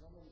Hvala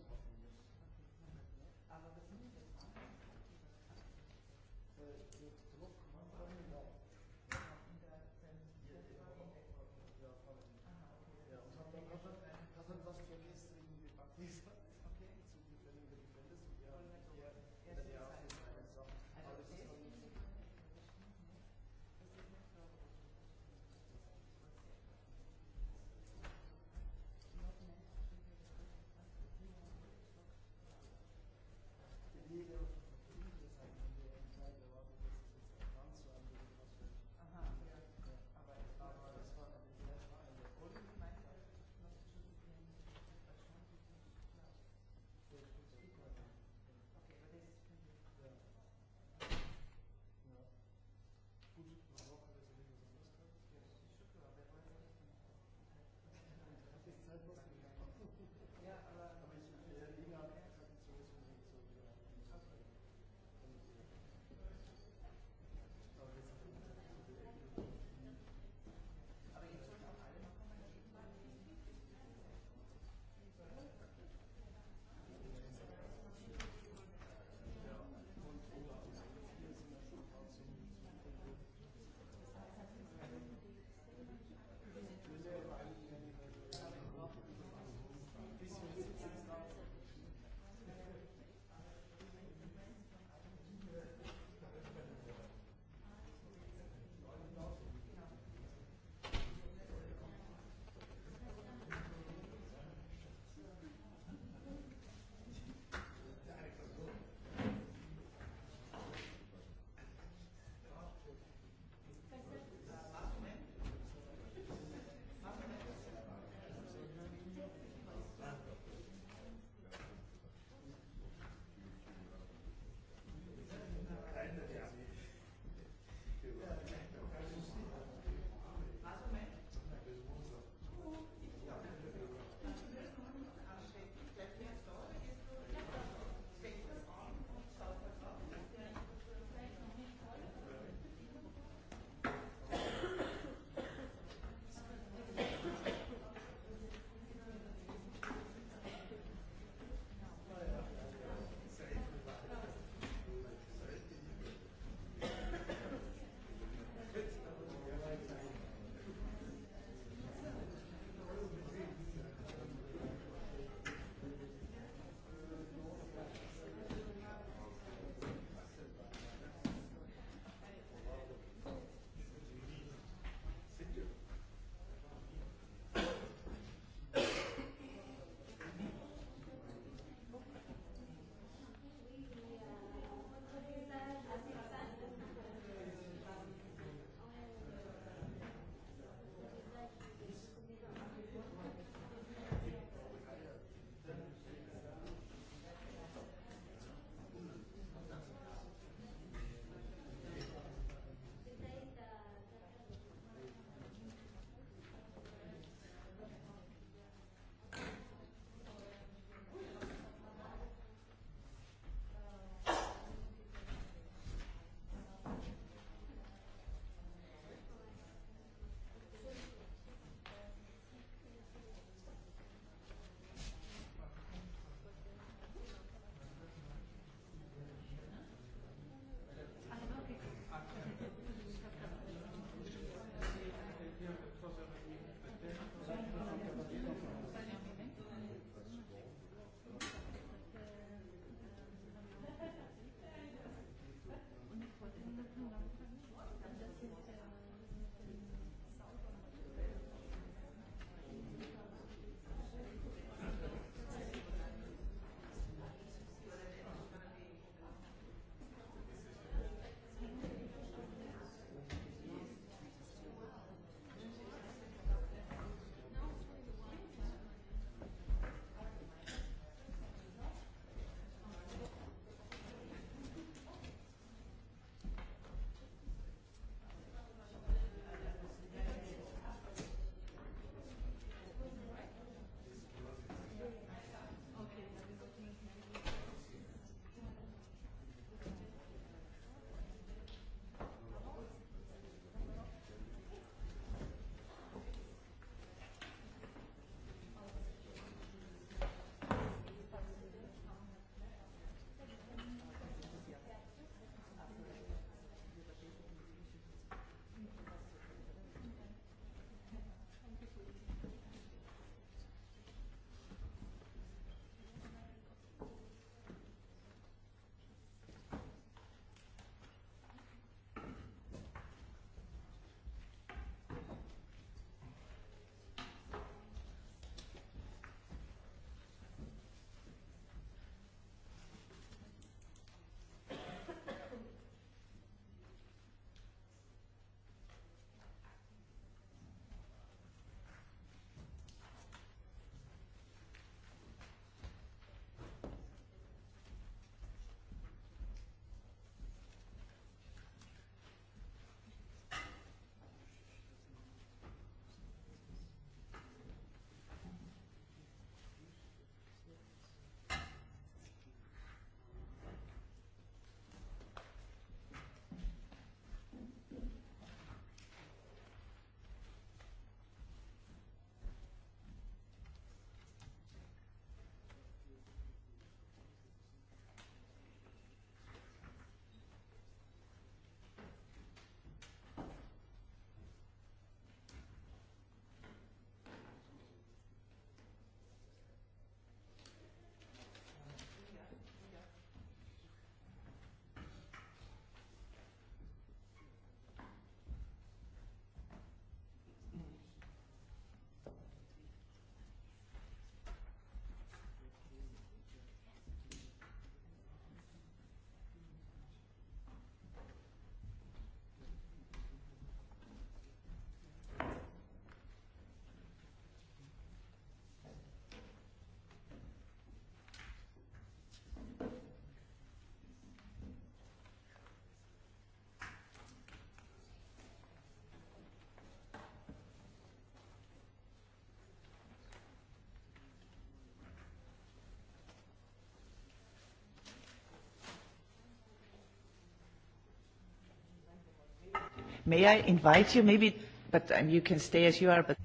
May I invite you maybe, but um, you can stay as you are, but...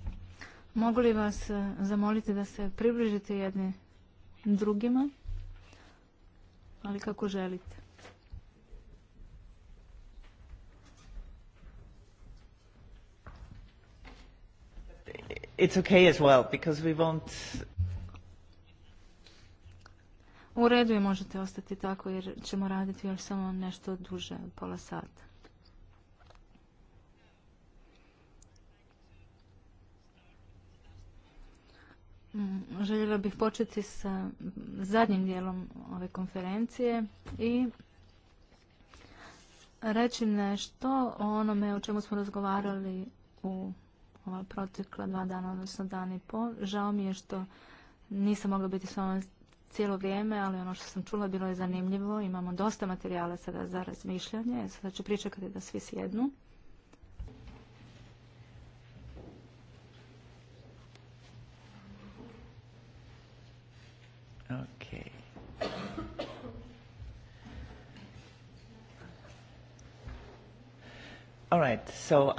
Mogu li vas uh, zamoliti da se približite jedni drugima, ali kako želite. It's okay as well, because we won't... U redu je možete ostati tako jer ćemo raditi još samo nešto duže, pola sata. Mm, željela bih početi sa zadnjim dijelom ove konferencije i reći nešto o onome o čemu smo razgovarali u ova protekla dva dana, odnosno dan i pol. Žao mi je što nisam mogla biti s vama cijelo vrijeme, ali ono što sam čula bilo je zanimljivo. Imamo dosta materijala sada za razmišljanje. Sada ću pričekati da svi sjednu. so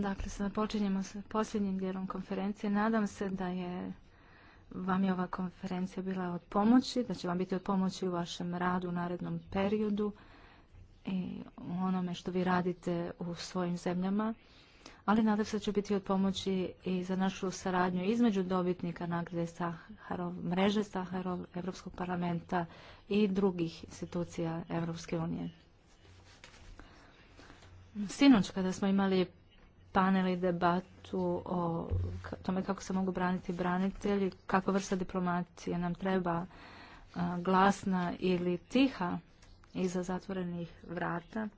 Dakle, sada počinjemo sa posljednjim dijelom konferencije. Nadam se da je vam je ova konferencija bila od pomoći, da će vam biti od pomoći u vašem radu u narednom periodu i u onome što vi radite u svojim zemljama. Ali nadam se da će biti od pomoći i za našu saradnju između dobitnika nagrade Saharov, mreže Saharov, Europskog parlamenta i drugih institucija Evropske unije. Sinoć kada smo imali panel i debatu o tome kako se mogu braniti branitelji, kakva vrsta diplomacije nam treba glasna ili tiha iza zatvorenih vrata.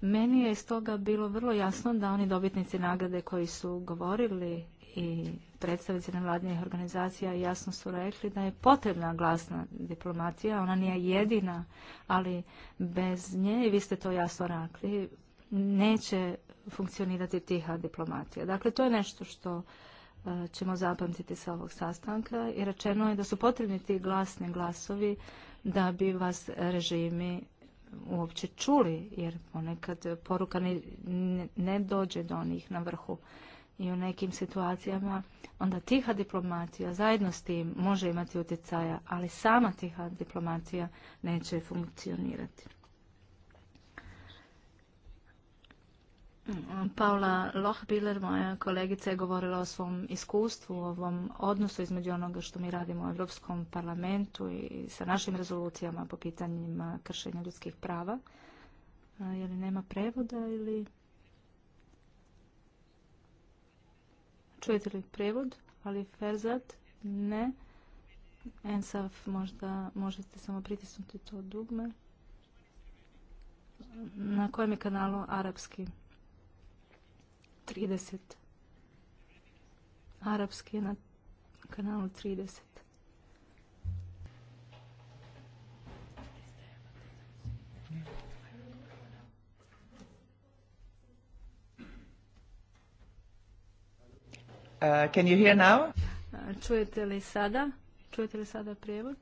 Meni je iz toga bilo vrlo jasno da oni dobitnici nagrade koji su govorili i predstavnici nevladinih organizacija jasno su rekli da je potrebna glasna diplomacija, ona nije jedina, ali bez nje, i vi ste to jasno rekli, neće funkcionirati tiha diplomacija. Dakle, to je nešto što e, ćemo zapamtiti sa ovog sastanka i rečeno je da su potrebni ti glasni glasovi da bi vas režimi uopće čuli, jer ponekad poruka ne, ne dođe do onih na vrhu i u nekim situacijama onda tiha diplomacija zajedno s tim može imati utjecaja, ali sama tiha diplomacija neće funkcionirati. Mm, Paula Lohbiler, moja kolegica, je govorila o svom iskustvu, o ovom odnosu između onoga što mi radimo u Europskom parlamentu i sa našim rezolucijama po pitanjima kršenja ljudskih prava. Je li nema prevoda ili... Čujete li prevod? Ali Ferzat? Ne. Ensaf, možda možete samo pritisnuti to dugme. Na kojem je kanalu arapski? 30. Arapski je na kanalu 30. Uh, can you hear now? Uh, čujete li sada? Čujete li sada prijevod?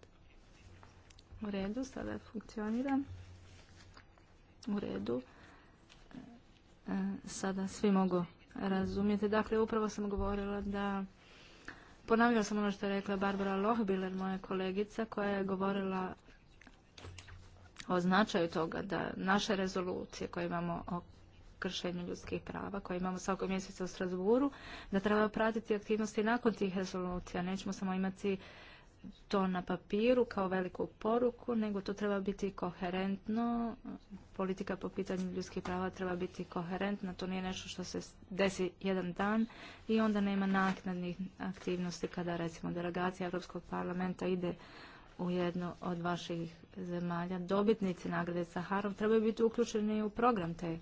U redu, sada funkcionira. U redu. Uh, sada svi mogu razumjeti. Dakle, upravo sam govorila da Ponavljala sam ono što je rekla Barbara Lohbiler, moja kolegica, koja je govorila o značaju toga da naše rezolucije koje imamo o kršenju ljudskih prava koje imamo svakog mjeseca u Strasburu, da treba pratiti aktivnosti nakon tih rezolucija. Nećemo samo imati to na papiru kao veliku poruku, nego to treba biti koherentno. Politika po pitanju ljudskih prava treba biti koherentna, to nije nešto što se desi jedan dan i onda nema naknadnih aktivnosti kada recimo delegacija Europskog parlamenta ide u jednu od vaših zemalja. Dobitnici nagrade Saharov trebaju biti uključeni u program te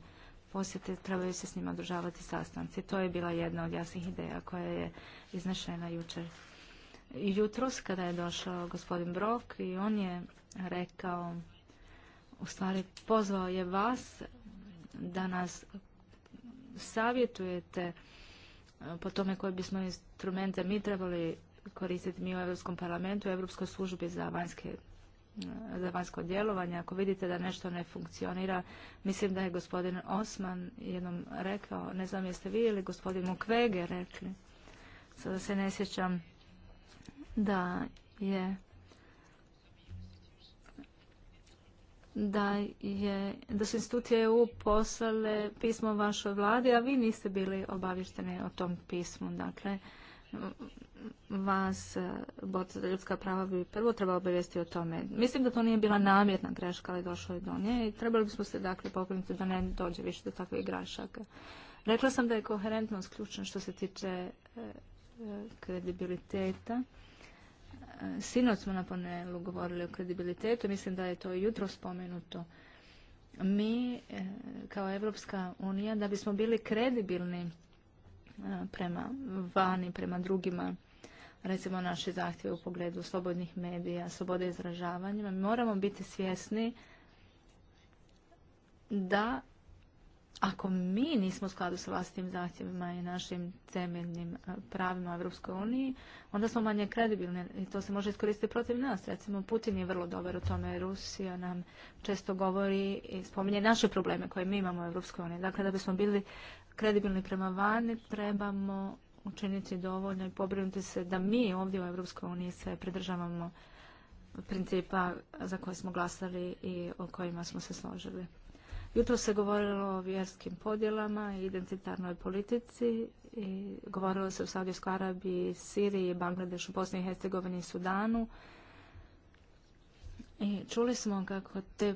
posjete, trebaju se s njima održavati sastanci. To je bila jedna od jasnih ideja koja je iznešena jučer. Jutros kada je došao gospodin Brok i on je rekao, u stvari pozvao je vas da nas savjetujete e, po tome koje bismo instrumente mi trebali koristiti mi u Europskom parlamentu, u Europskoj službi za vanjske za vanjsko djelovanje. Ako vidite da nešto ne funkcionira, mislim da je gospodin Osman jednom rekao, ne znam jeste vi ili gospodin Mukvege rekli, sada se ne sjećam da je da, je, da su institucije EU poslale pismo vašoj vladi, a vi niste bili obavješteni o tom pismu. Dakle, vas, eh, borca za ljudska prava, bi prvo trebao obavijesti o tome. Mislim da to nije bila namjerna greška, ali došlo je do nje i trebali bismo se dakle pokrenuti da ne dođe više do takvih grašaka. Rekla sam da je koherentnost ključna što se tiče eh, kredibiliteta. Eh, sinoć smo na panelu govorili o kredibilitetu, mislim da je to jutro spomenuto. Mi, kao Evropska unija, da bismo bili kredibilni prema vani, prema drugima, recimo naše zahtjevi u pogledu slobodnih medija, slobode izražavanja. moramo biti svjesni da ako mi nismo u skladu sa vlastitim zahtjevima i našim temeljnim e, pravima u Europskoj uniji, onda smo manje kredibilni i to se može iskoristiti protiv nas. Recimo, Putin je vrlo dobar u tome. Rusija nam često govori i spominje naše probleme koje mi imamo u Europskoj uniji. Dakle, da bismo bili kredibilni prema vani, trebamo učiniti dovoljno i pobrinuti se da mi ovdje u Europskoj uniji se pridržavamo principa za koje smo glasali i o kojima smo se složili. Jutro se govorilo o vjerskim podjelama i identitarnoj politici. I govorilo se o Saudijskoj Arabiji, Siriji, Bangladešu, Bosni i Hercegovini i Sudanu. I čuli smo kako te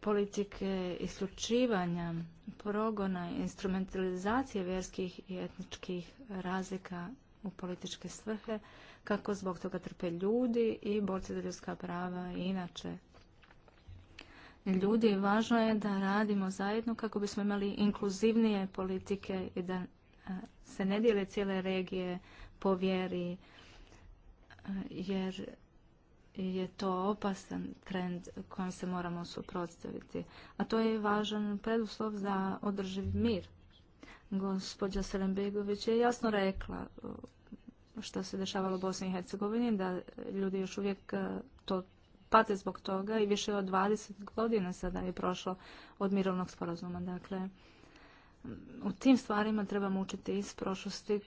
politike isključivanja, progona, instrumentalizacije vjerskih i etničkih razlika u političke svrhe, kako zbog toga trpe ljudi i borci za ljudska prava i inače ljudi. Važno je da radimo zajedno kako bismo imali inkluzivnije politike i da se ne dijele cijele regije po vjeri, jer je to opasan trend kojem se moramo suprotstaviti. A to je važan preduslov za održiv mir. Gospodja Selembegović je jasno rekla uh, što se dešavalo u Bosni i Hercegovini, da ljudi još uvijek uh, to pate zbog toga i više od 20 godina sada je prošlo od mirovnog sporazuma. Dakle, u tim stvarima trebamo učiti iz prošlosti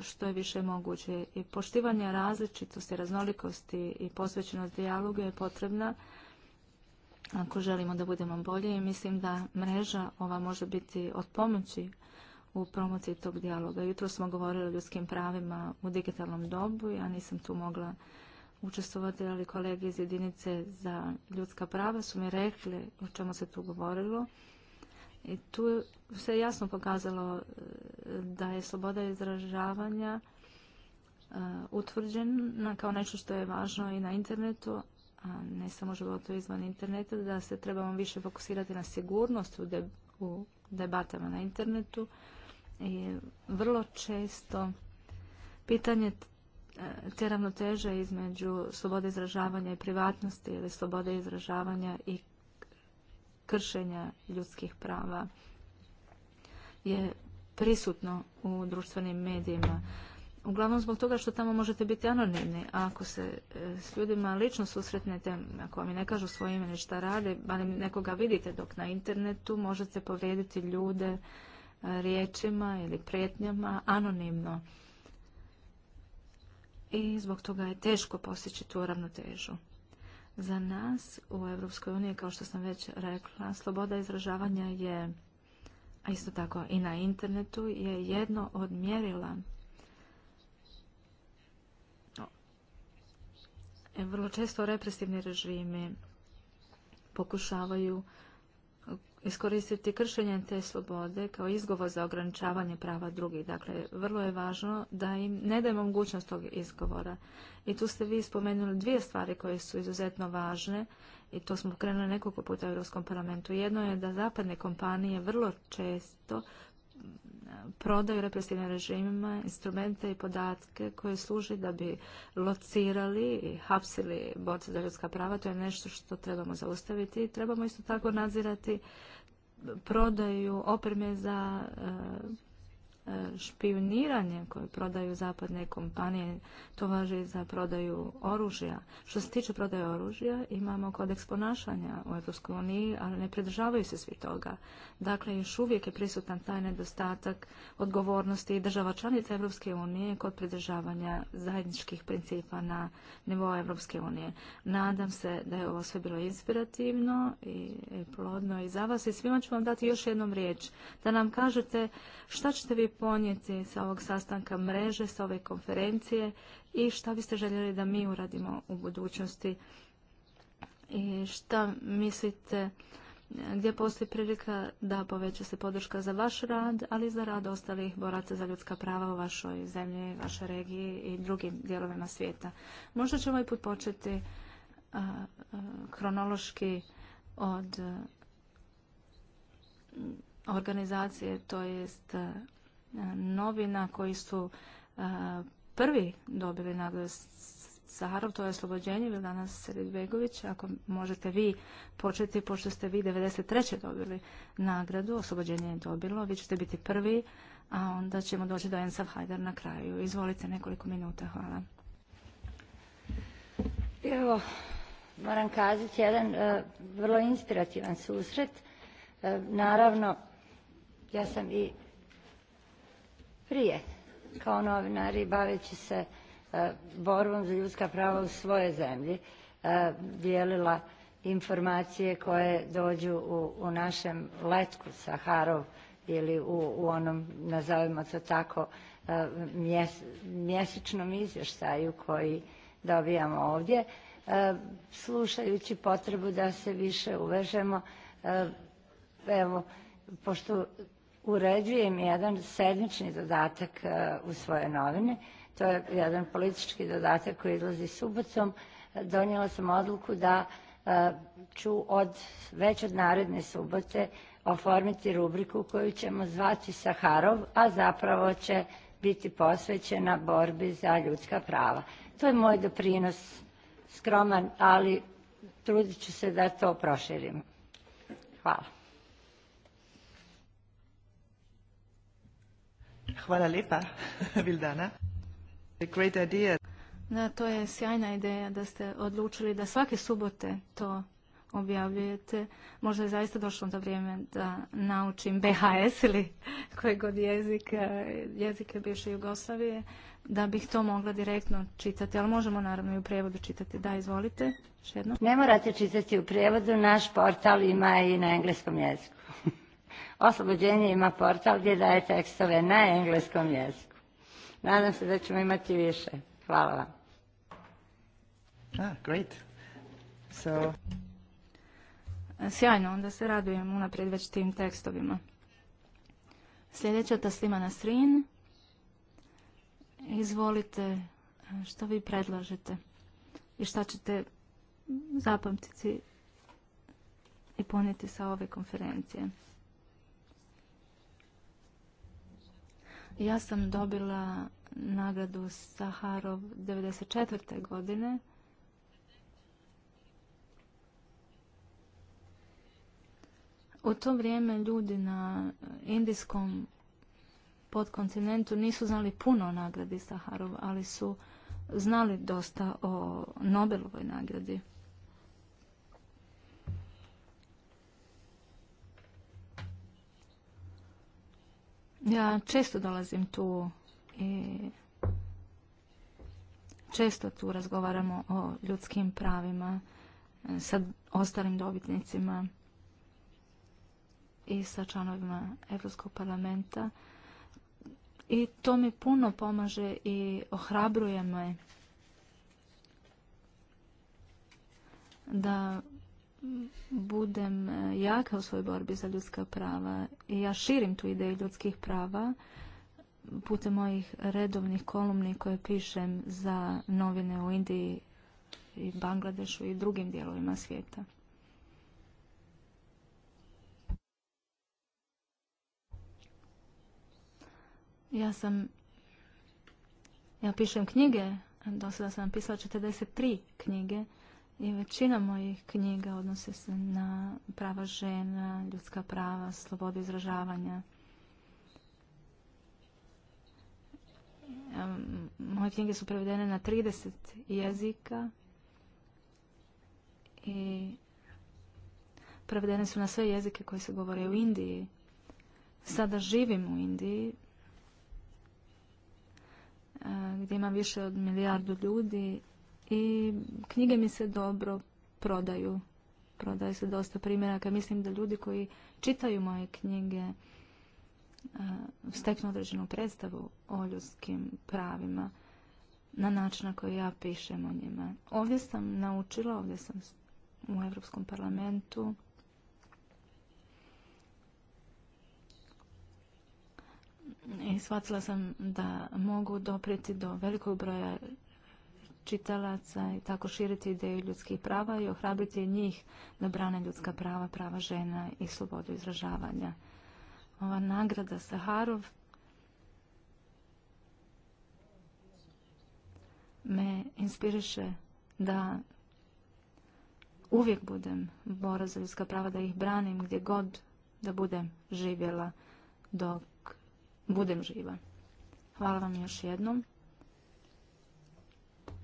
što je više moguće. I poštivanje različitosti, raznolikosti i posvećenost dijalogu je potrebna ako želimo da budemo bolje i mislim da mreža ova može biti od pomoći u promociji tog dijaloga. Jutro smo govorili o ljudskim pravima u digitalnom dobu, ja nisam tu mogla učestvovati, ali kolege iz jedinice za ljudska prava su mi rekli o čemu se tu govorilo. I tu se jasno pokazalo e, da je sloboda izražavanja e, utvrđena kao nešto što je važno i na internetu, a ne samo životu izvan interneta, da se trebamo više fokusirati na sigurnost u debatama na internetu. I vrlo često pitanje e, te ravnoteže između slobode izražavanja i privatnosti ili slobode izražavanja i kršenja ljudskih prava je prisutno u društvenim medijima. Uglavnom zbog toga što tamo možete biti anonimni. A ako se e, s ljudima lično susretnete, ako vam ne kažu svoje ime šta rade, ali nekoga vidite dok na internetu, možete povrijediti ljude e, riječima ili prijetnjama anonimno. I zbog toga je teško postići tu ravnotežu. Za nas u Europskoj uniji, kao što sam već rekla, sloboda izražavanja je, a isto tako i na internetu, je jedno od mjerila vrlo često represivni režimi pokušavaju iskoristiti kršenje te slobode kao izgovor za ograničavanje prava drugih. Dakle, vrlo je važno da im ne dajemo mogućnost tog izgovora. I tu ste vi spomenuli dvije stvari koje su izuzetno važne i to smo krenuli nekoliko puta u Europskom parlamentu. Jedno je da zapadne kompanije vrlo često prodaju represivnim režimima instrumente i podatke koje služi da bi locirali i hapsili borce za ljudska prava. To je nešto što trebamo zaustaviti i trebamo isto tako nadzirati prodaju opreme za E, špioniranje koje prodaju zapadne kompanije. To važi za prodaju oružja. Što se tiče prodaje oružja, imamo kodeks ponašanja u EU, ali ne pridržavaju se svi toga. Dakle, još uvijek je prisutan taj nedostatak odgovornosti država članica EU kod pridržavanja zajedničkih principa na nivou EU. Nadam se da je ovo sve bilo inspirativno i plodno i za vas i svima ću vam dati još jednom riječ da nam kažete šta ćete vi ponijeti sa ovog sastanka mreže, sa ove konferencije i šta biste željeli da mi uradimo u budućnosti i šta mislite gdje postoji prilika da poveća se podrška za vaš rad, ali i za rad ostalih boraca za ljudska prava u vašoj zemlji, vašoj regiji i drugim dijelovima svijeta. Možda ćemo i put početi kronološki od mm, organizacije, to jest novina koji su prvi dobili nagradu Saharov, to je oslobođenje Danas Sredbegović. Ako možete vi početi, pošto ste vi 93. dobili nagradu, oslobođenje je dobilo, vi ćete biti prvi, a onda ćemo doći do Ensav Hajdar na kraju. Izvolite nekoliko minuta, hvala. Evo, moram kazati jedan e, vrlo inspirativan susret. E, naravno, ja sam i prije kao novinari baveći se e, borbom za ljudska prava u svojoj zemlji e, dijelila informacije koje dođu u, našem letku Saharov ili u, u onom, nazovimo to tako, e, mjesečnom izvještaju koji dobijamo ovdje, slušajući potrebu da se više uvežemo. Evo, pošto uređujem jedan sedmični dodatak e, u svoje novine. To je jedan politički dodatak koji izlazi subacom, Donijela sam odluku da e, ću od, već od naredne subote oformiti rubriku koju ćemo zvati Saharov, a zapravo će biti posvećena borbi za ljudska prava. To je moj doprinos skroman, ali trudit ću se da to proširim. Hvala. Hvala lijepa, Vildana. to je sjajna ideja da ste odlučili da svake subote to objavljujete. Možda je zaista došlo do vrijeme da naučim BHS ili koji god jezik, e, jezike bivše Jugoslavije, da bih to mogla direktno čitati, ali možemo naravno i u prijevodu čitati. Da, izvolite, još Ne morate čitati u prijevodu, naš portal ima i na engleskom jeziku. Oslobođenje ima portal gdje daje tekstove na engleskom jeziku. Nadam se da ćemo imati više. Hvala vam. Ah, Sjajno, onda se radujem unaprijed već tim tekstovima. Sljedeća taslima na srin. Izvolite što vi predlažete i šta ćete zapamtiti i poniti sa ove konferencije. Ja sam dobila nagradu Saharov 1994. godine. U to vrijeme ljudi na indijskom podkontinentu nisu znali puno o nagradi Saharov, ali su znali dosta o Nobelovoj nagradi. Ja često dolazim tu i često tu razgovaramo o ljudskim pravima e, sa ostalim dobitnicima i sa članovima Europskog parlamenta i to mi puno pomaže i ohrabruje me da budem e, jaka u svojoj borbi za ljudska prava i ja širim tu ideju ljudskih prava putem mojih redovnih kolumni koje pišem za novine u Indiji i Bangladešu i drugim dijelovima svijeta. Ja sam, ja pišem knjige, do sada sam pisala 43 knjige, i većina mojih knjiga odnose se na prava žena, ljudska prava, slobodu izražavanja. Moje knjige su prevedene na 30 jezika i prevedene su na sve jezike koji se govore u Indiji. Sada živim u Indiji, eh, gdje ima više od milijardu ljudi i knjige mi se dobro prodaju. Prodaju se dosta primjeraka. Mislim da ljudi koji čitaju moje knjige e, steknu određenu predstavu o ljudskim pravima na način na koji ja pišem o njima. Ovdje sam naučila, ovdje sam u Europskom parlamentu i shvatila sam da mogu doprijeti do velikog broja čitalaca i tako širiti ideju ljudskih prava i ohrabriti njih da brane ljudska prava, prava žena i slobodu izražavanja. Ova nagrada Saharov me inspiriše da uvijek budem bora za ljudska prava, da ih branim gdje god da budem živjela dok budem živa. Hvala vam još jednom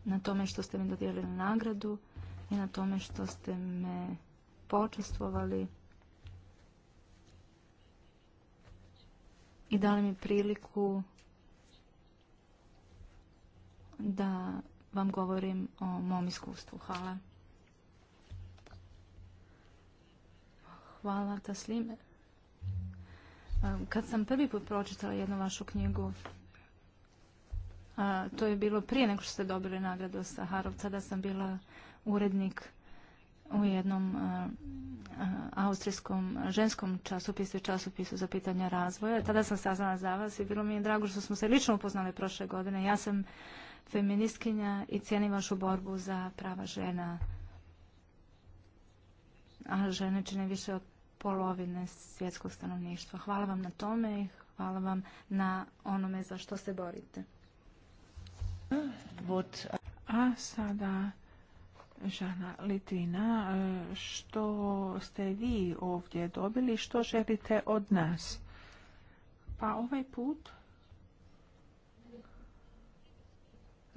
na tome što ste mi dodijelili nagradu i na tome što ste me počestvovali i dali mi priliku da vam govorim o mom iskustvu. Hvala. Hvala Taslime. Kad sam prvi put pročitala jednu vašu knjigu, to je bilo prije nego što ste dobili nagradu Saharovca da sam bila urednik u jednom austrijskom ženskom časopisu i časopisu za pitanja razvoja. Tada sam saznala za vas i bilo mi je drago što smo se lično upoznali prošle godine. Ja sam feministkinja i cijenim vašu borbu za prava žena. A žene čine više od polovine svjetskog stanovništva. Hvala vam na tome i hvala vam na onome za što se borite. A sada Žana Litvina, što ste vi ovdje dobili, što želite od nas? Pa ovaj put,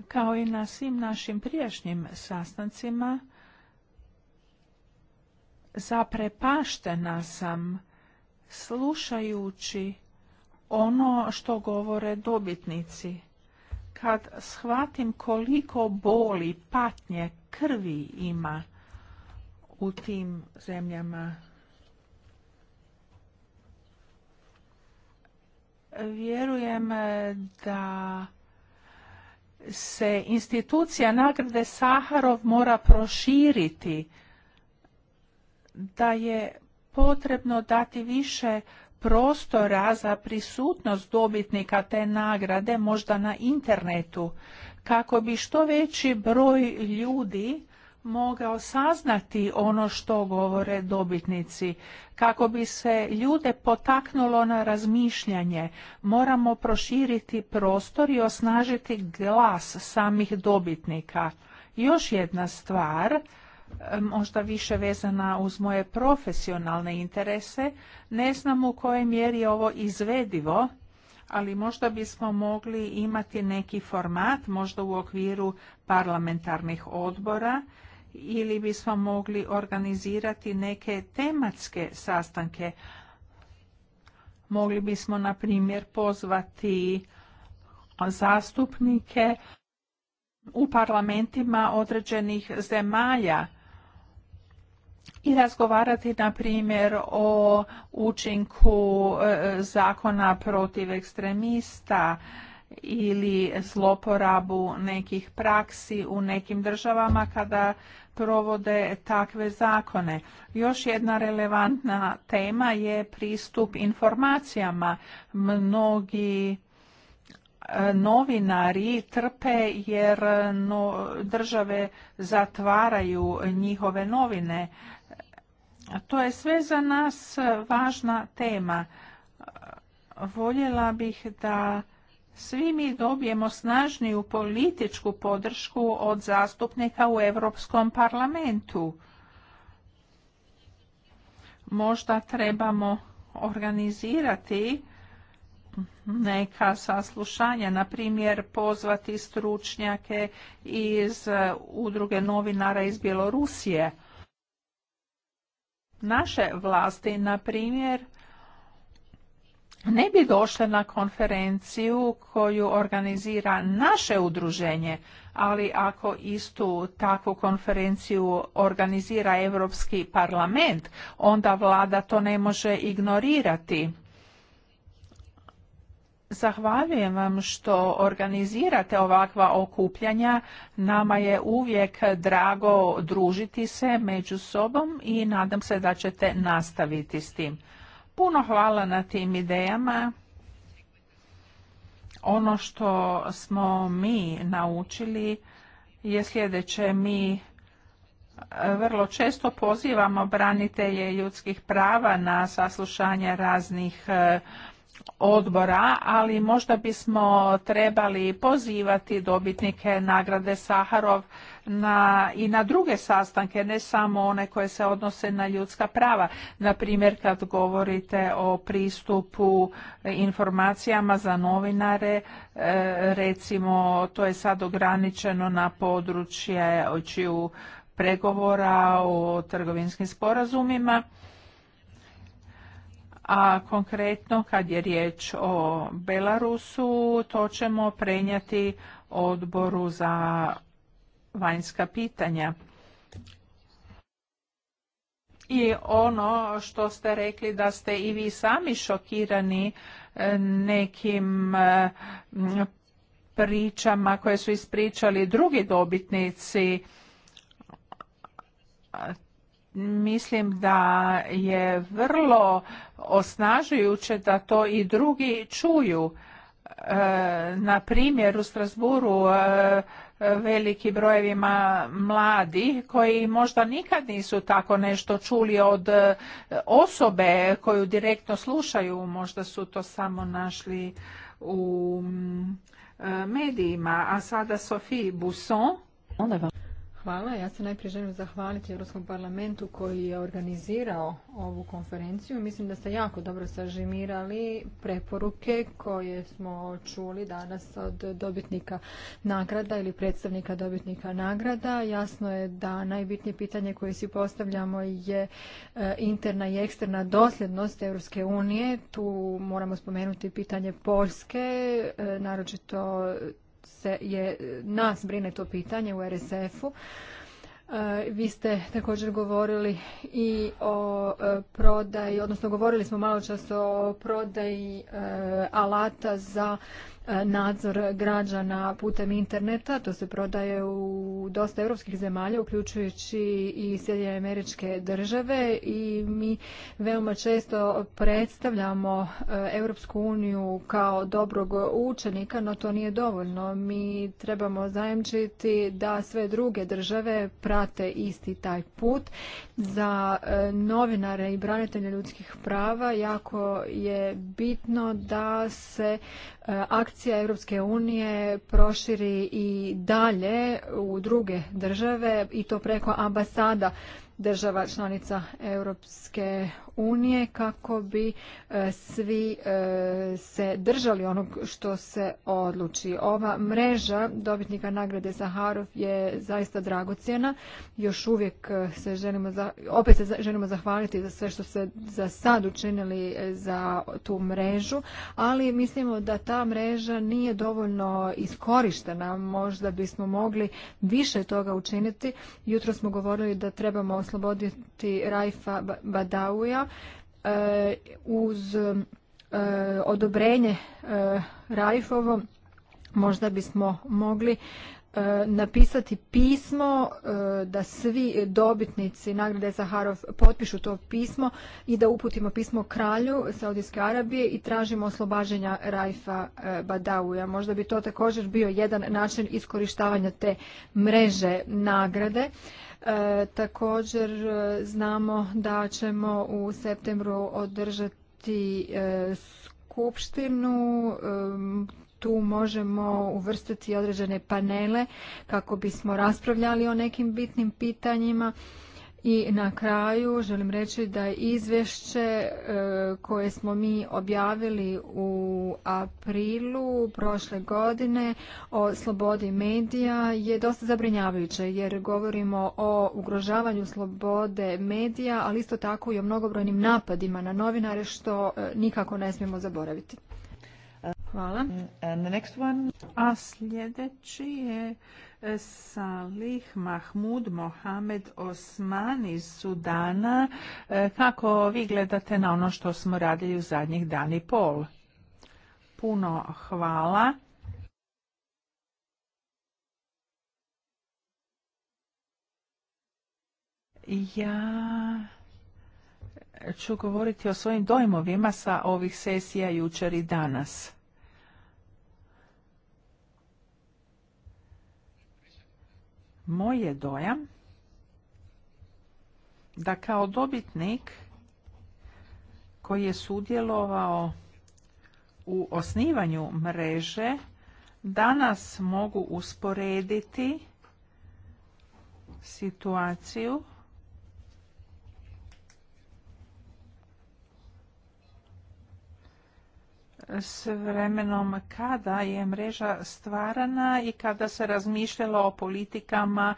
kao i na svim našim prijašnjim sastancima, zaprepaštena sam slušajući ono što govore dobitnici kad shvatim koliko boli, patnje, krvi ima u tim zemljama. Vjerujem e, da se institucija nagrade Saharov mora proširiti, da je potrebno dati više prostora za prisutnost dobitnika te nagrade možda na internetu kako bi što veći broj ljudi mogao saznati ono što govore dobitnici. Kako bi se ljude potaknulo na razmišljanje, moramo proširiti prostor i osnažiti glas samih dobitnika. Još jedna stvar, možda više vezana uz moje profesionalne interese. Ne znam u kojoj mjeri je ovo izvedivo, ali možda bismo mogli imati neki format, možda u okviru parlamentarnih odbora ili bismo mogli organizirati neke tematske sastanke. Mogli bismo, na primjer, pozvati zastupnike u parlamentima određenih zemalja i razgovarati na primjer o učinku e, zakona protiv ekstremista ili zloporabu nekih praksi u nekim državama kada provode takve zakone. Još jedna relevantna tema je pristup informacijama. Mnogi novinari trpe jer no, države zatvaraju njihove novine. To je sve za nas važna tema. Voljela bih da svi mi dobijemo snažniju političku podršku od zastupnika u Europskom parlamentu. Možda trebamo organizirati neka saslušanja, na primjer pozvati stručnjake iz e, udruge novinara iz Bjelorusije. Naše vlasti, na primjer, ne bi došle na konferenciju koju organizira naše udruženje, ali ako istu takvu konferenciju organizira Europski parlament, onda vlada to ne može ignorirati. Zahvaljujem vam što organizirate ovakva okupljanja. Nama je uvijek drago družiti se među sobom i nadam se da ćete nastaviti s tim. Puno hvala na tim idejama. Ono što smo mi naučili je sljedeće. Mi eh, vrlo često pozivamo branitelje ljudskih prava na saslušanje raznih eh, odbora, ali možda bismo trebali pozivati dobitnike nagrade Saharov na, i na druge sastanke, ne samo one koje se odnose na ljudska prava. Na primjer, kad govorite o pristupu informacijama za novinare, e, recimo to je sad ograničeno na područje očiju pregovora o trgovinskim sporazumima a konkretno kad je riječ o Belarusu, to ćemo prenijeti odboru za vanjska pitanja. I ono što ste rekli da ste i vi sami šokirani e, nekim e, pričama koje su ispričali drugi dobitnici mislim da je vrlo osnažujuće da to i drugi čuju. E, na primjer u Strasburu e, veliki brojevima mladi koji možda nikad nisu tako nešto čuli od e, osobe koju direktno slušaju, možda su to samo našli u medijima. A sada Sophie Busson. Hvala. Ja se najprije želim zahvaliti Europskom parlamentu koji je organizirao ovu konferenciju. Mislim da ste jako dobro sažimirali preporuke koje smo čuli danas od dobitnika nagrada ili predstavnika dobitnika nagrada. Jasno je da najbitnije pitanje koje si postavljamo je e, interna i eksterna dosljednost Europske unije. Tu moramo spomenuti pitanje Poljske, e, naročito se je nas brine to pitanje u RSF-u. E, vi ste također govorili i o e, prodaji, odnosno govorili smo malo čas o prodaji e, alata za E, nadzor građana putem interneta. To se prodaje u dosta europskih zemalja, uključujući i Sjedinjene američke države i mi veoma često predstavljamo e, Europsku uniju kao dobrog učenika, no to nije dovoljno. Mi trebamo zajemčiti da sve druge države prate isti taj put. Za e, novinare i branitelje ljudskih prava jako je bitno da se ak akcija Europske unije proširi i dalje u druge države i to preko ambasada država članica Europske unije kako bi e, svi e, se držali onog što se odluči. Ova mreža dobitnika nagrade Saharov je zaista dragocjena. Još uvijek e, se želimo, opet se želimo zahvaliti za sve što se za sad učinili za tu mrežu, ali mislimo da ta mreža nije dovoljno iskorištena. Možda bismo mogli više toga učiniti. Jutro smo govorili da trebamo osloboditi Rajfa Badauja e, uz e, odobrenje e, Rajfovo možda bismo mogli napisati pismo da svi dobitnici nagrade Zaharov potpišu to pismo i da uputimo pismo kralju Saudijske Arabije i tražimo oslobađanja Rajfa Badauja. Možda bi to također bio jedan način iskorištavanja te mreže nagrade E, također e, znamo da ćemo u septembru održati e, skupštinu tu možemo uvrstiti određene panele kako bismo raspravljali o nekim bitnim pitanjima i na kraju želim reći da je izvješće e, koje smo mi objavili u aprilu prošle godine o slobodi medija je dosta zabrinjavajuće jer govorimo o ugrožavanju slobode medija, ali isto tako i o mnogobrojnim napadima na novinare što e, nikako ne smijemo zaboraviti. Uh, Hvala. A sljedeći je Salih Mahmud Mohamed Osman iz Sudana. E, kako vi gledate na ono što smo radili u zadnjih dan i pol? Puno hvala. Ja ću govoriti o svojim dojmovima sa ovih sesija jučer i danas. Moj je dojam da kao dobitnik koji je sudjelovao u osnivanju mreže danas mogu usporediti situaciju s vremenom kada je mreža stvarana i kada se razmišljalo o politikama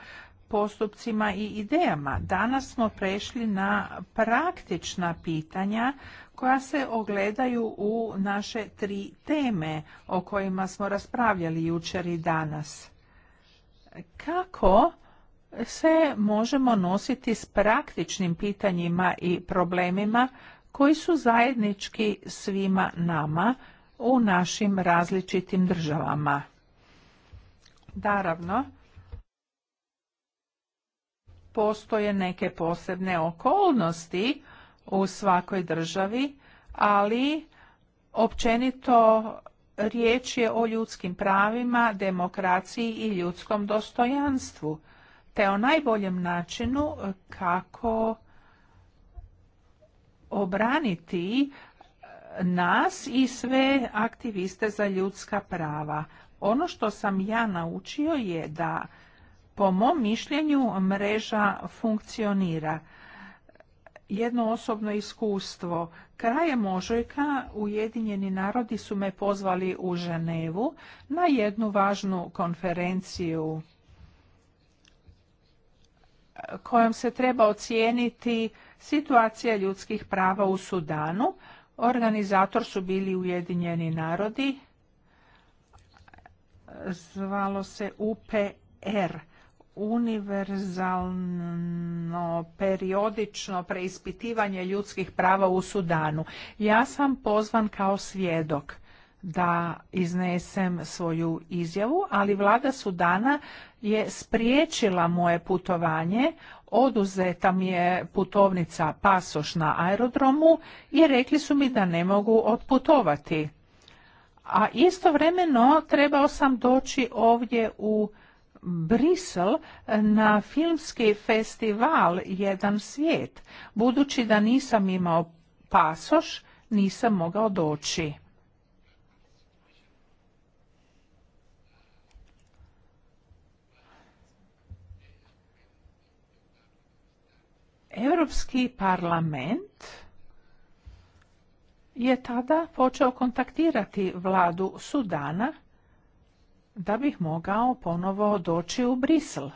postupcima i idejama. Danas smo prešli na praktična pitanja koja se ogledaju u naše tri teme o kojima smo raspravljali jučer i danas. Kako se možemo nositi s praktičnim pitanjima i problemima koji su zajednički svima nama u našim različitim državama. Naravno, postoje neke posebne okolnosti u svakoj državi, ali općenito riječ je o ljudskim pravima, demokraciji i ljudskom dostojanstvu, te o najboljem načinu kako obraniti eh, nas i sve aktiviste za ljudska prava. Ono što sam ja naučio je da po mom mišljenju mreža funkcionira. Jedno osobno iskustvo. Krajem ožujka Ujedinjeni narodi su me pozvali u Ženevu na jednu važnu konferenciju eh, kojom se treba ocijeniti Situacija ljudskih prava u Sudanu. Organizator su bili Ujedinjeni narodi. Zvalo se UPR. Univerzalno periodično preispitivanje ljudskih prava u Sudanu. Ja sam pozvan kao svjedok da iznesem svoju izjavu, ali vlada Sudana je spriječila moje putovanje oduzeta mi je putovnica pasoš na aerodromu i rekli su mi da ne mogu otputovati. A istovremeno trebao sam doći ovdje u Brisel na filmski festival Jedan svijet. Budući da nisam imao pasoš, nisam mogao doći. Europski parlament je tada počeo kontaktirati vladu Sudana da bih mogao ponovo doći u Brisel.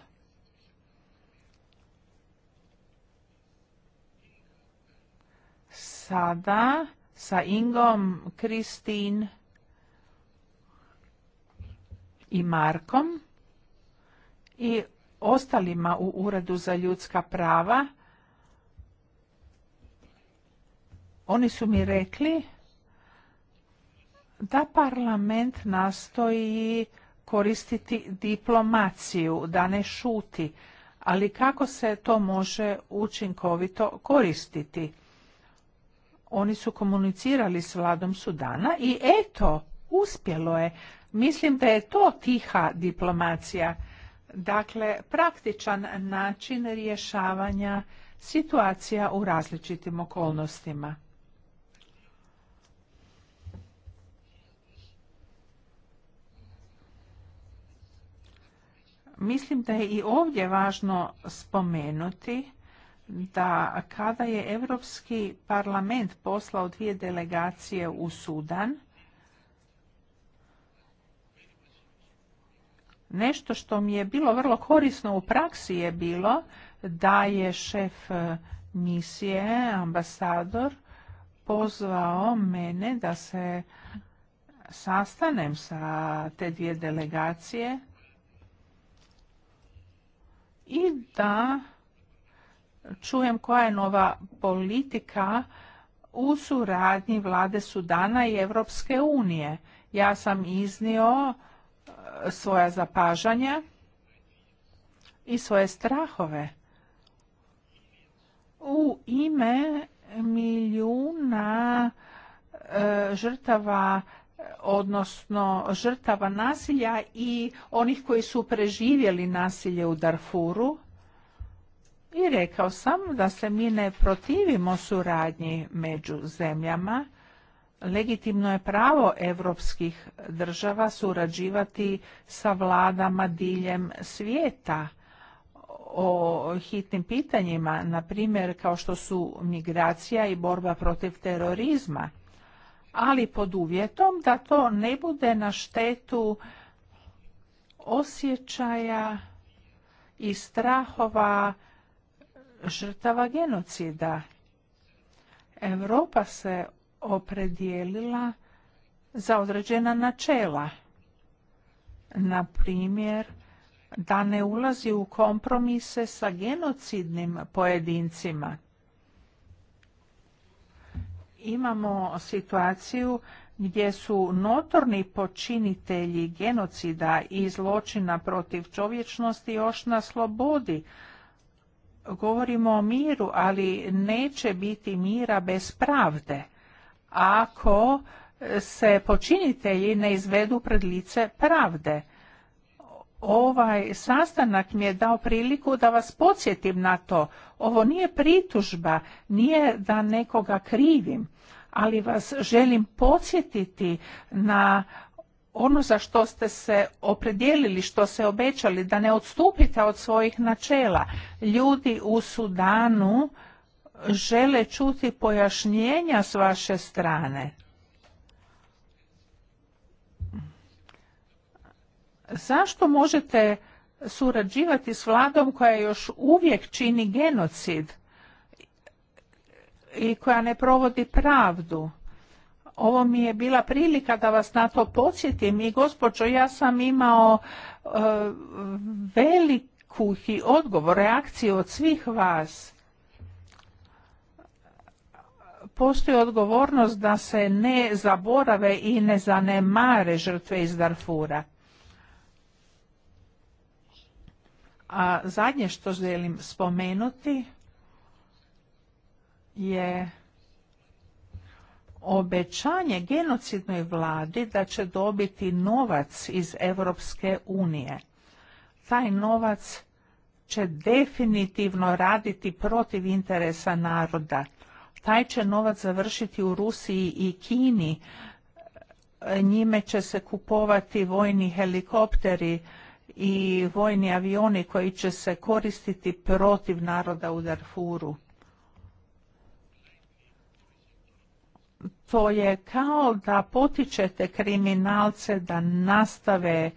Sada sa Ingom, Kristin i Markom i ostalima u Uredu za ljudska prava oni su mi rekli da parlament nastoji koristiti diplomaciju, da ne šuti, ali kako se to može učinkovito koristiti? Oni su komunicirali s vladom Sudana i eto, uspjelo je. Mislim da je to tiha diplomacija. Dakle, praktičan način rješavanja situacija u različitim okolnostima. Mislim da je i ovdje važno spomenuti da kada je Europski parlament poslao dvije delegacije u Sudan, nešto što mi je bilo vrlo korisno u praksi je bilo da je šef e, misije, ambasador, pozvao mene da se sastanem sa te dvije delegacije i da čujem koja je nova politika u suradnji vlade Sudana i Europske unije. Ja sam iznio e, svoja zapažanja i svoje strahove. U ime milijuna e, žrtava odnosno žrtava nasilja i onih koji su preživjeli nasilje u Darfuru i rekao sam da se mi ne protivimo suradnji među zemljama. Legitimno je pravo evropskih država surađivati sa vladama diljem svijeta o hitnim pitanjima, na primjer kao što su migracija i borba protiv terorizma ali pod uvjetom da to ne bude na štetu osjećaja i strahova žrtava genocida. Europa se opredijelila za određena načela. Na primjer, da ne ulazi u kompromise sa genocidnim pojedincima imamo situaciju gdje su notorni počinitelji genocida i zločina protiv čovječnosti još na slobodi. Govorimo o miru, ali neće biti mira bez pravde ako se počinitelji ne izvedu pred lice pravde. Ovaj sastanak mi je dao priliku da vas podsjetim na to. Ovo nije pritužba, nije da nekoga krivim, ali vas želim podsjetiti na ono za što ste se opredijelili, što se obećali, da ne odstupite od svojih načela. Ljudi u Sudanu žele čuti pojašnjenja s vaše strane. Zašto možete surađivati s vladom koja još uvijek čini genocid i koja ne provodi pravdu? Ovo mi je bila prilika da vas na to podsjetim i gospođo, ja sam imao e, odgovor, reakciju od svih vas. Postoji odgovornost da se ne zaborave i ne zanemare žrtve iz Darfura. A zadnje što želim spomenuti je obećanje genocidnoj vladi da će dobiti novac iz Europske unije. Taj novac će definitivno raditi protiv interesa naroda. Taj će novac završiti u Rusiji i Kini. Njime će se kupovati vojni helikopteri, i vojni avioni koji će se koristiti protiv naroda u Darfuru. To je kao da potičete kriminalce da nastave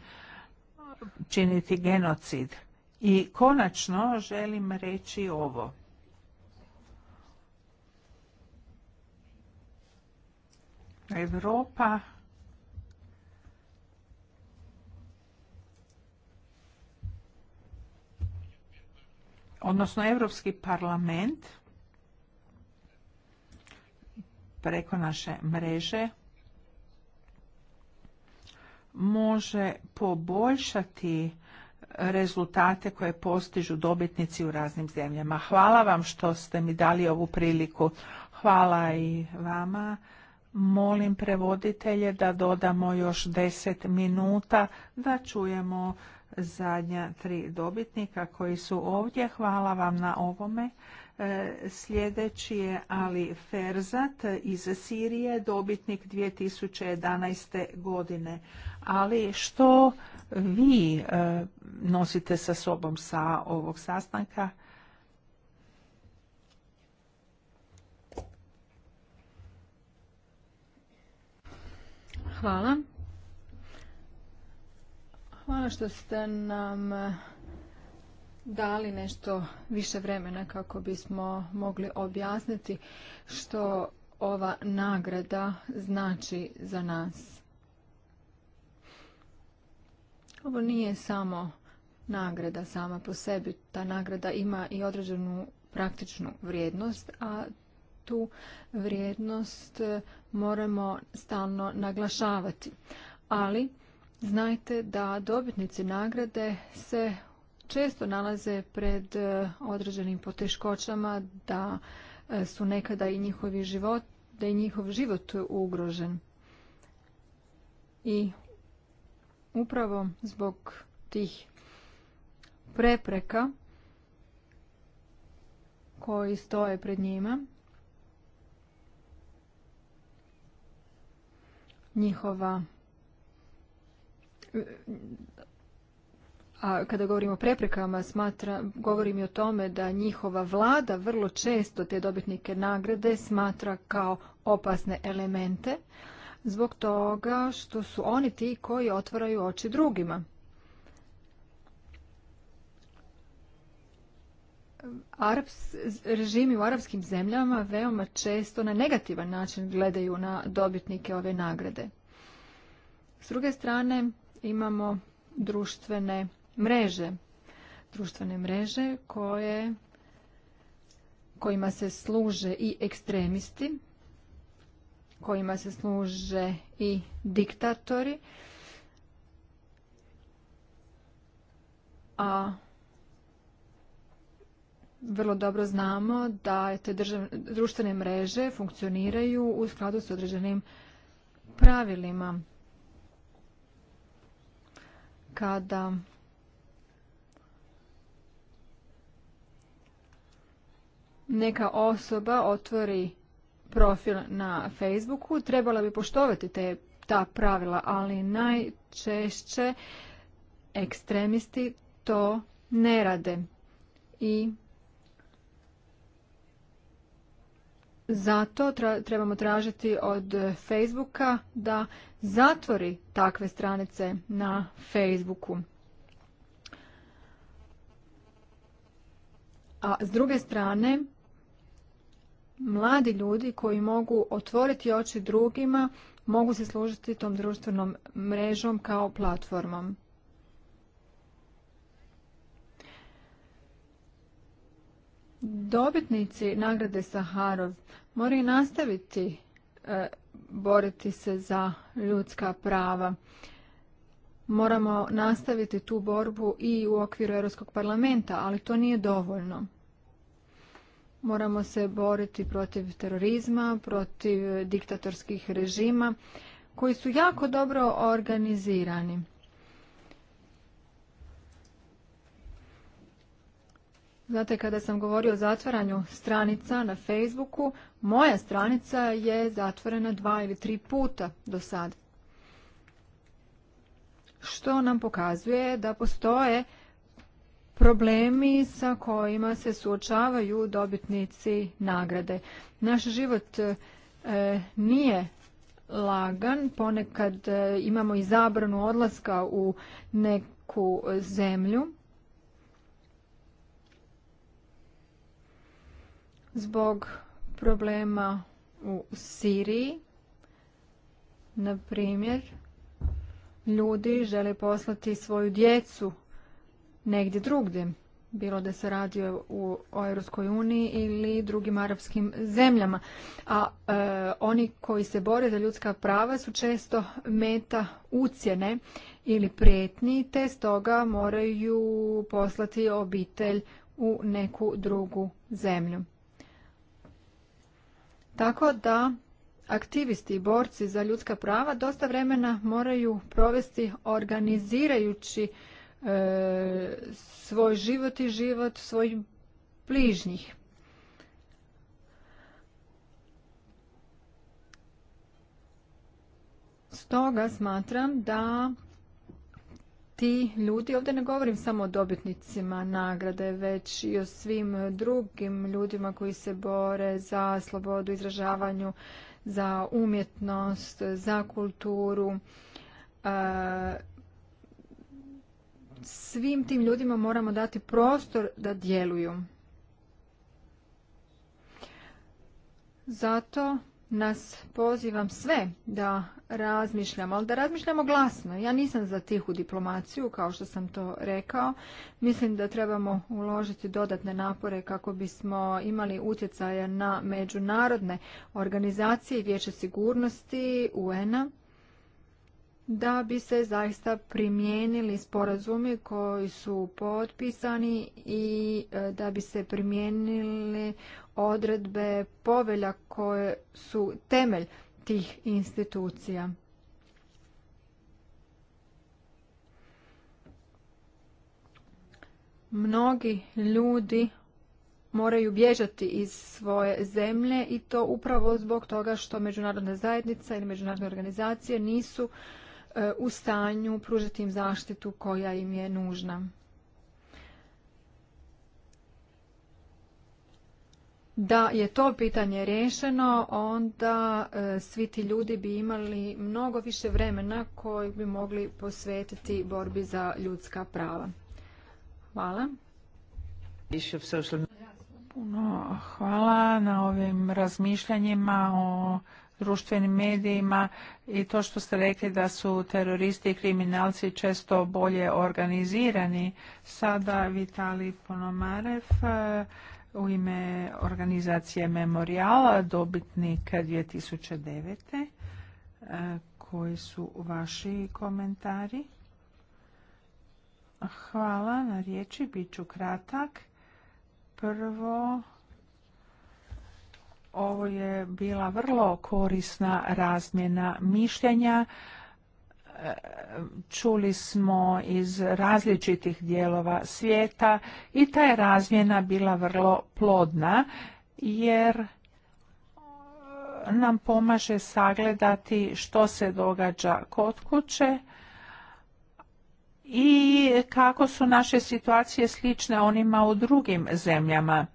činiti genocid. I konačno želim reći ovo. Europa odnosno Europski parlament preko naše mreže može poboljšati rezultate koje postižu dobitnici u raznim zemljama. Hvala vam što ste mi dali ovu priliku. Hvala i vama. Molim prevoditelje da dodamo još 10 minuta da čujemo zadnja tri dobitnika koji su ovdje. Hvala vam na ovome. E, sljedeći je Ali Ferzat iz Sirije, dobitnik 2011. godine. Ali što vi e, nosite sa sobom sa ovog sastanka? Hvala. Hvala što ste nam eh, dali nešto više vremena kako bismo mogli objasniti što ova nagrada znači za nas. Ovo nije samo nagrada sama po sebi. Ta nagrada ima i određenu praktičnu vrijednost, a tu vrijednost eh, moramo stalno naglašavati. Ali Znajte da dobitnici nagrade se često nalaze pred e, određenim poteškoćama, da e, su nekada i njihovi život, da je njihov život ugrožen. I upravo zbog tih prepreka koji stoje pred njima, njihova a kada govorimo o preprekama, smatra, govorim i o tome da njihova vlada vrlo često te dobitnike nagrade smatra kao opasne elemente zbog toga što su oni ti koji otvaraju oči drugima. režimi u arapskim zemljama veoma često na negativan način gledaju na dobitnike ove nagrade. S druge strane, imamo društvene mreže. Društvene mreže koje, kojima se služe i ekstremisti, kojima se služe i diktatori, a vrlo dobro znamo da te društvene mreže funkcioniraju u skladu s određenim pravilima kada neka osoba otvori profil na Facebooku, trebala bi poštovati te, ta pravila, ali najčešće ekstremisti to ne rade i zato trebamo tražiti od Facebooka da zatvori takve stranice na Facebooku. A s druge strane, mladi ljudi koji mogu otvoriti oči drugima mogu se služiti tom društvenom mrežom kao platformom. Dobitnici nagrade Saharov moraju nastaviti e, boriti se za ljudska prava. Moramo nastaviti tu borbu i u okviru Europskog parlamenta, ali to nije dovoljno. Moramo se boriti protiv terorizma, protiv diktatorskih režima koji su jako dobro organizirani. Znate, kada sam govorio o zatvaranju stranica na Facebooku, moja stranica je zatvorena dva ili tri puta do sad. Što nam pokazuje da postoje problemi sa kojima se suočavaju dobitnici nagrade. Naš život e, nije lagan, ponekad e, imamo i zabranu odlaska u neku zemlju zbog problema u Siriji. Na primjer, ljudi žele poslati svoju djecu negdje drugdje, bilo da se radi u, o Europskoj uniji ili drugim arapskim zemljama. A e, oni koji se bore za ljudska prava su često meta ucjene ili prijetnji, te stoga moraju poslati obitelj u neku drugu zemlju. Tako da aktivisti i borci za ljudska prava dosta vremena moraju provesti organizirajući e, svoj život i život svojih bližnjih. Stoga smatram da ti ljudi, ovdje ne govorim samo o dobitnicima nagrade, već i o svim drugim ljudima koji se bore za slobodu izražavanju, za umjetnost, za kulturu. E, svim tim ljudima moramo dati prostor da djeluju. Zato nas pozivam sve da razmišljamo, ali da razmišljamo glasno. Ja nisam za tihu diplomaciju, kao što sam to rekao. Mislim da trebamo uložiti dodatne napore kako bismo imali utjecaja na međunarodne organizacije i vječe sigurnosti UN-a da bi se zaista primijenili sporazumi koji su potpisani i e, da bi se primijenili odredbe povelja koje su temelj tih institucija. Mnogi ljudi moraju bježati iz svoje zemlje i to upravo zbog toga što međunarodna zajednica ili međunarodne organizacije nisu e, u stanju pružiti im zaštitu koja im je nužna. da je to pitanje riješeno, onda e, svi ti ljudi bi imali mnogo više vremena koji bi mogli posvetiti borbi za ljudska prava. Hvala. Puno hvala na ovim razmišljanjima o društvenim medijima i to što ste rekli da su teroristi i kriminalci često bolje organizirani. Sada Vitali Ponomarev, u ime organizacije Memoriala, dobitnika 2009. E, koji su vaši komentari? Hvala na riječi, bit ću kratak. Prvo, ovo je bila vrlo korisna razmjena mišljenja čuli smo iz različitih dijelova svijeta i ta je razmjena bila vrlo plodna jer nam pomaže sagledati što se događa kod kuće i kako su naše situacije slične onima u drugim zemljama.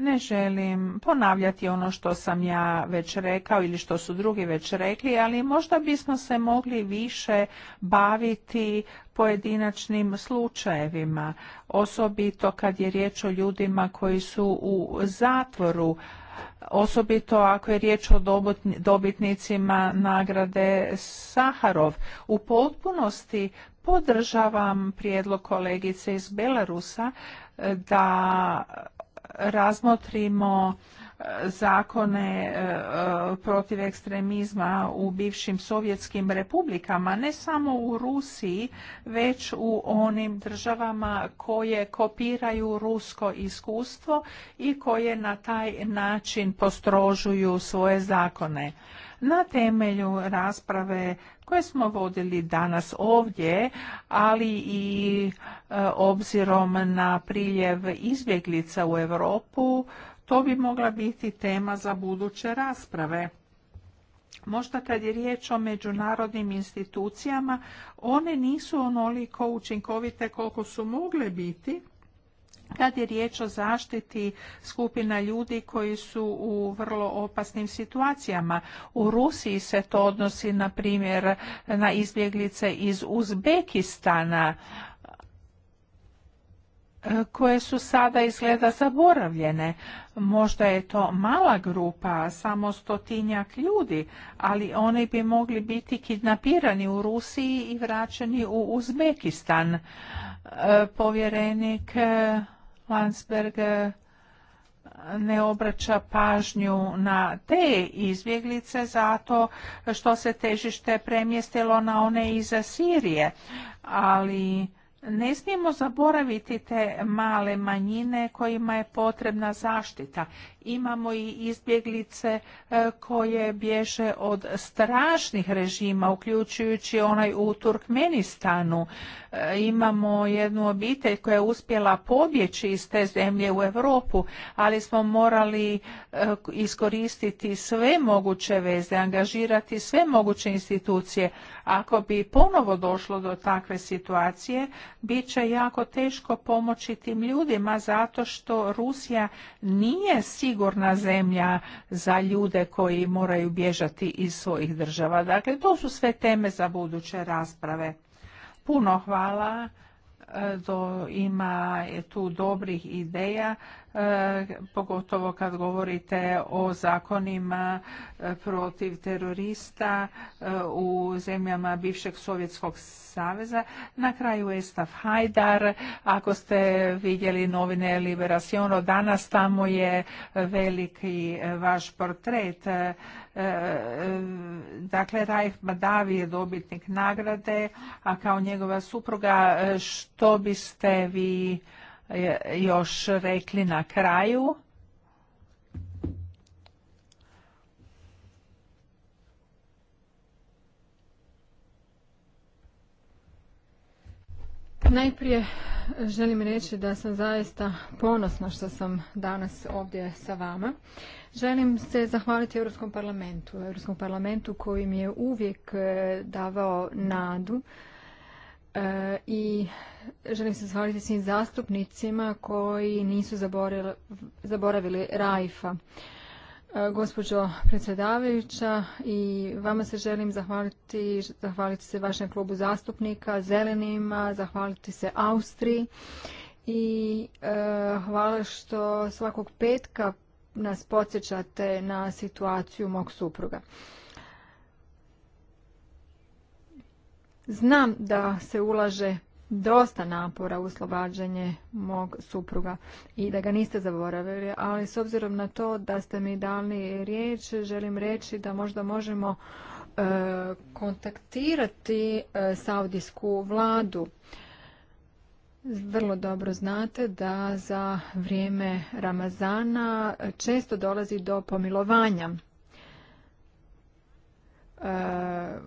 Ne želim ponavljati ono što sam ja već rekao ili što su drugi već rekli, ali možda bismo se mogli više baviti pojedinačnim slučajevima, osobito kad je riječ o ljudima koji su u zatvoru, osobito ako je riječ o dobitnicima nagrade Saharov. U potpunosti podržavam prijedlog kolegice iz Belarusa da razmotrimo e, zakone e, e, protiv ekstremizma u bivšim sovjetskim republikama, ne samo u Rusiji, već u onim državama koje kopiraju rusko iskustvo i koje na taj način postrožuju svoje zakone na temelju rasprave koje smo vodili danas ovdje, ali i e, obzirom na priljev izbjeglica u Europu, to bi mogla biti tema za buduće rasprave. Možda kad je riječ o međunarodnim institucijama, one nisu onoliko učinkovite koliko su mogle biti, kad je riječ o zaštiti skupina ljudi koji su u vrlo opasnim situacijama. U Rusiji se to odnosi na primjer na izbjeglice iz Uzbekistana e, koje su sada izgleda zaboravljene. Možda je to mala grupa, samo stotinjak ljudi, ali oni bi mogli biti kidnapirani u Rusiji i vraćeni u Uzbekistan. E, povjerenik e, Landsberg eh, ne obraća pažnju na te izbjeglice zato što se težište premjestilo na one iz Sirije. Ali ne smijemo zaboraviti te male manjine kojima je potrebna zaštita imamo i izbjeglice e, koje bježe od strašnih režima, uključujući onaj u Turkmenistanu. E, imamo jednu obitelj koja je uspjela pobjeći iz te zemlje u Europu, ali smo morali e, iskoristiti sve moguće veze, angažirati sve moguće institucije. Ako bi ponovo došlo do takve situacije, bit će jako teško pomoći tim ljudima zato što Rusija nije sigurna sigurna zemlja za ljude koji moraju bježati iz svojih država. Dakle, to su sve teme za buduće rasprave. Puno hvala. E, do, ima tu dobrih ideja pogotovo kad govorite o zakonima e, protiv terorista e, u zemljama bivšeg Sovjetskog saveza. Na kraju Estaf Hajdar, ako ste vidjeli novine Liberaciono danas, tamo je veliki e, vaš portret. Dakle, Rajf Badavi je dobitnik nagrade, a kao njegova supruga što biste vi još rekli na kraju? Najprije želim reći da sam zaista ponosna što sam danas ovdje sa vama. Želim se zahvaliti Europskom parlamentu, Europskom parlamentu koji mi je uvijek eh, davao nadu E, i želim se zahvaliti svim zastupnicima koji nisu zaboravili Raifa. E, gospođo predsjedavajuća i vama se želim zahvaliti, zahvaliti se vašem klubu zastupnika, zelenima, zahvaliti se Austriji i e, hvala što svakog petka nas podsjećate na situaciju mog supruga. Znam da se ulaže dosta napora u oslobađanje mog supruga i da ga niste zaboravili, ali s obzirom na to da ste mi dali riječ, želim reći da možda možemo e, kontaktirati e, saudijsku vladu. Vrlo dobro znate da za vrijeme Ramazana često dolazi do pomilovanja. E,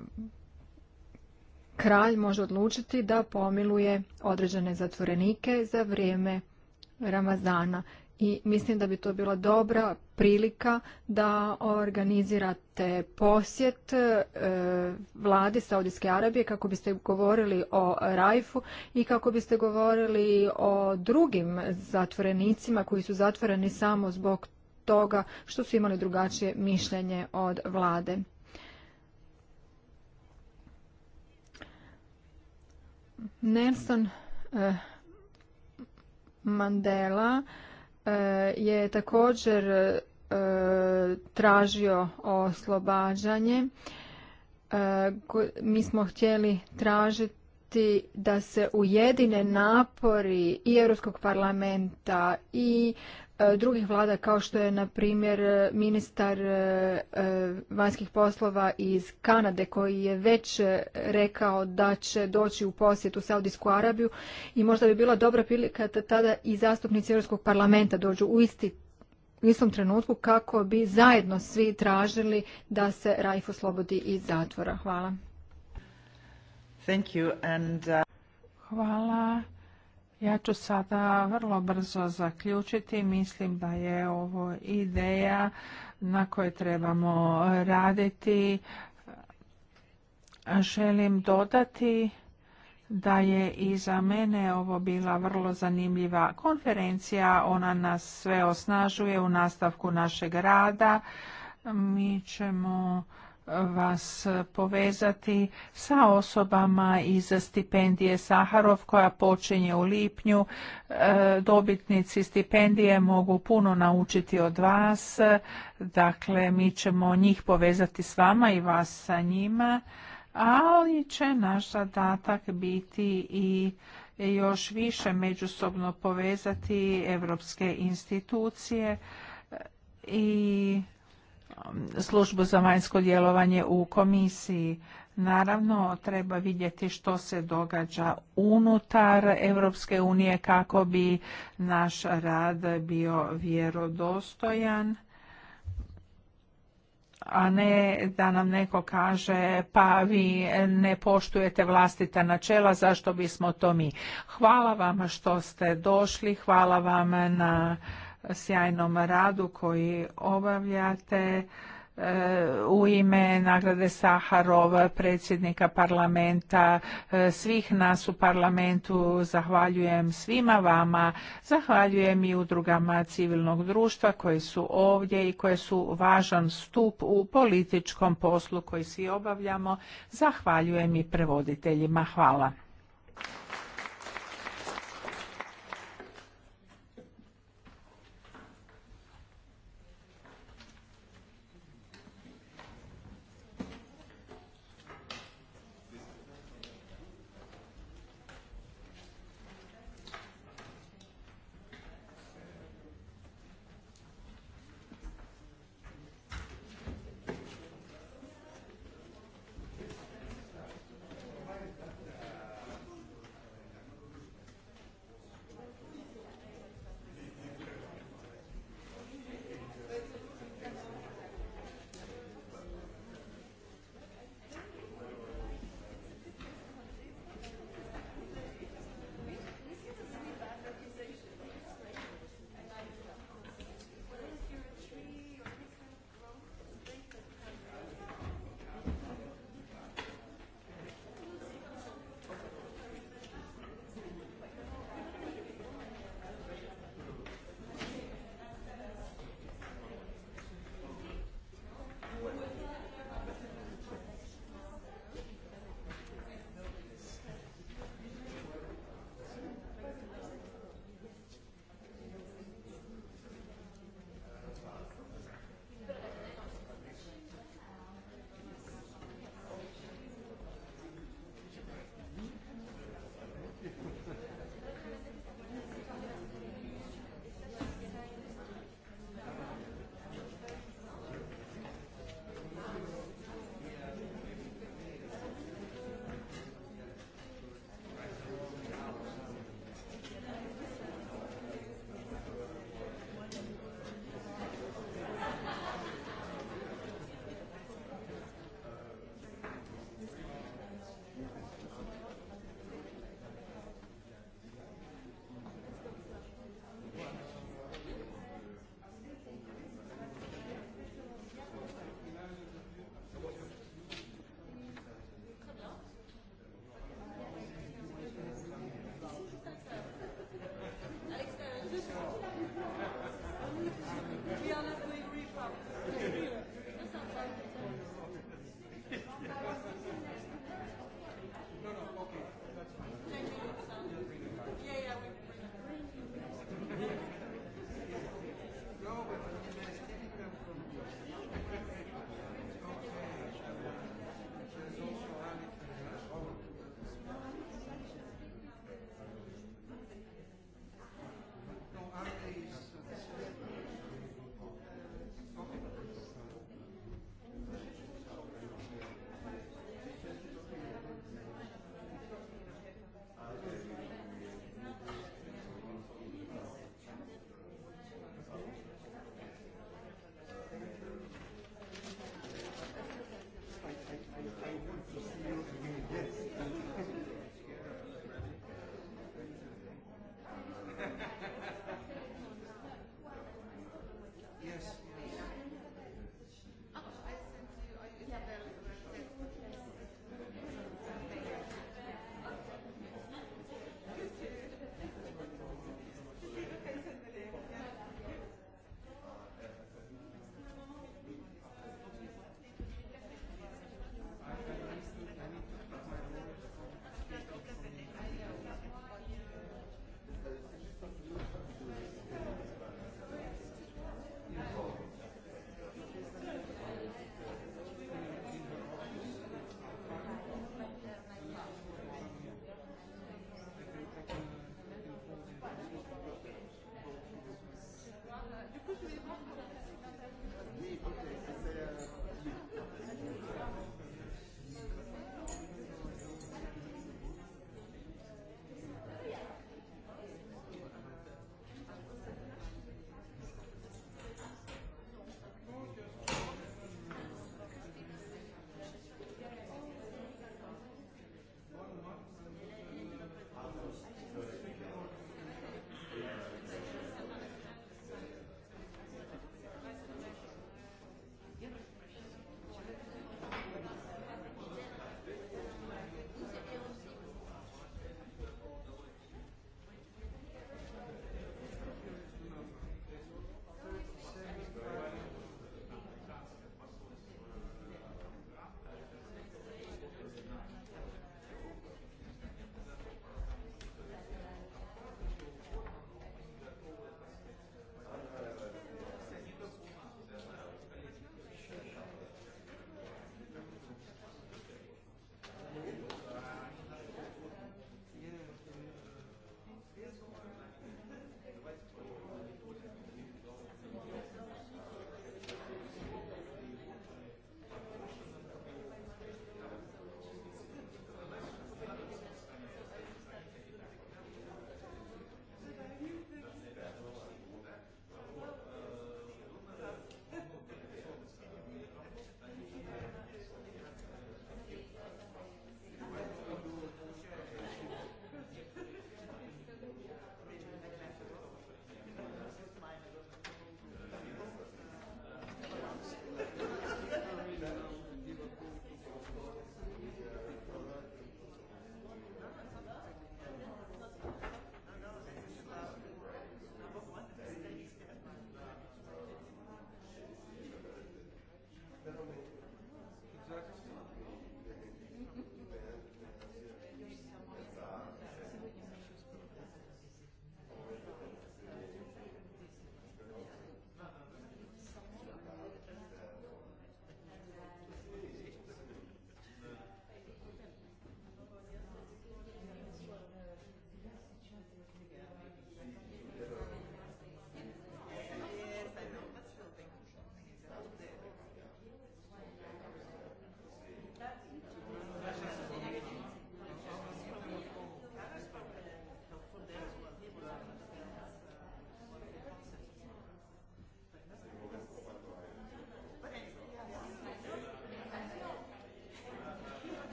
kralj može odlučiti da pomiluje određene zatvorenike za vrijeme Ramazana. I mislim da bi to bila dobra prilika da organizirate posjet vlade vladi Saudijske Arabije kako biste govorili o Rajfu i kako biste govorili o drugim zatvorenicima koji su zatvoreni samo zbog toga što su imali drugačije mišljenje od vlade. Nelson eh, Mandela eh, je također eh, tražio oslobađanje. Mi smo htjeli tražiti da se ujedine napori i Europskog parlamenta i E, drugih vlada kao što je na primjer e, ministar e, vanjskih poslova iz Kanade koji je već rekao da će doći u posjet u Saudijsku Arabiju i možda bi bila dobra prilika da tada i zastupnici Europskog parlamenta dođu u isti u istom trenutku kako bi zajedno svi tražili da se Rajf oslobodi iz zatvora. Hvala. Thank you and, uh, Hvala. Ja ću sada vrlo brzo zaključiti. Mislim da je ovo ideja na kojoj trebamo raditi. Želim dodati da je i za mene ovo bila vrlo zanimljiva konferencija. Ona nas sve osnažuje u nastavku našeg rada. Mi ćemo vas povezati sa osobama iz stipendije Saharov koja počinje u lipnju. E, dobitnici stipendije mogu puno naučiti od vas, dakle mi ćemo njih povezati s vama i vas sa njima, ali će naš zadatak biti i još više međusobno povezati evropske institucije i službu za vanjsko djelovanje u komisiji. Naravno, treba vidjeti što se događa unutar Europske unije kako bi naš rad bio vjerodostojan a ne da nam neko kaže pa vi ne poštujete vlastita načela, zašto bismo to mi. Hvala vam što ste došli, hvala vam na sjajnom radu koji obavljate e, u ime nagrade Saharov, predsjednika parlamenta, e, svih nas u parlamentu, zahvaljujem svima vama, zahvaljujem i udrugama civilnog društva koji su ovdje i koje su važan stup u političkom poslu koji svi obavljamo, zahvaljujem i prevoditeljima, hvala.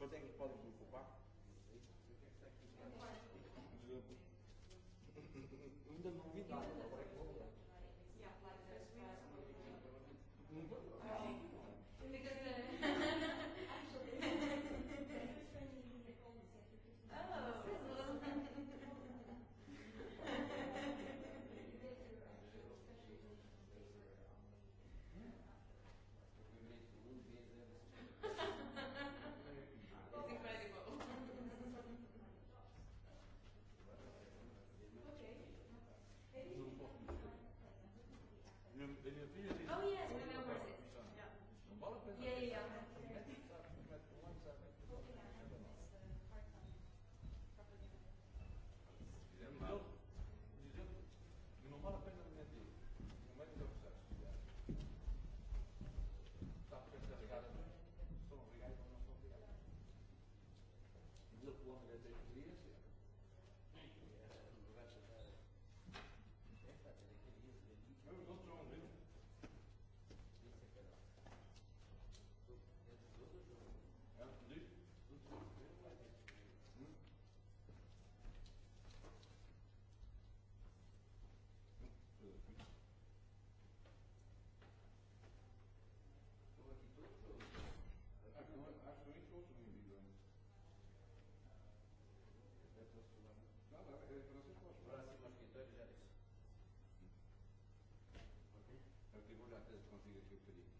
Por tem, je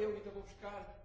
eu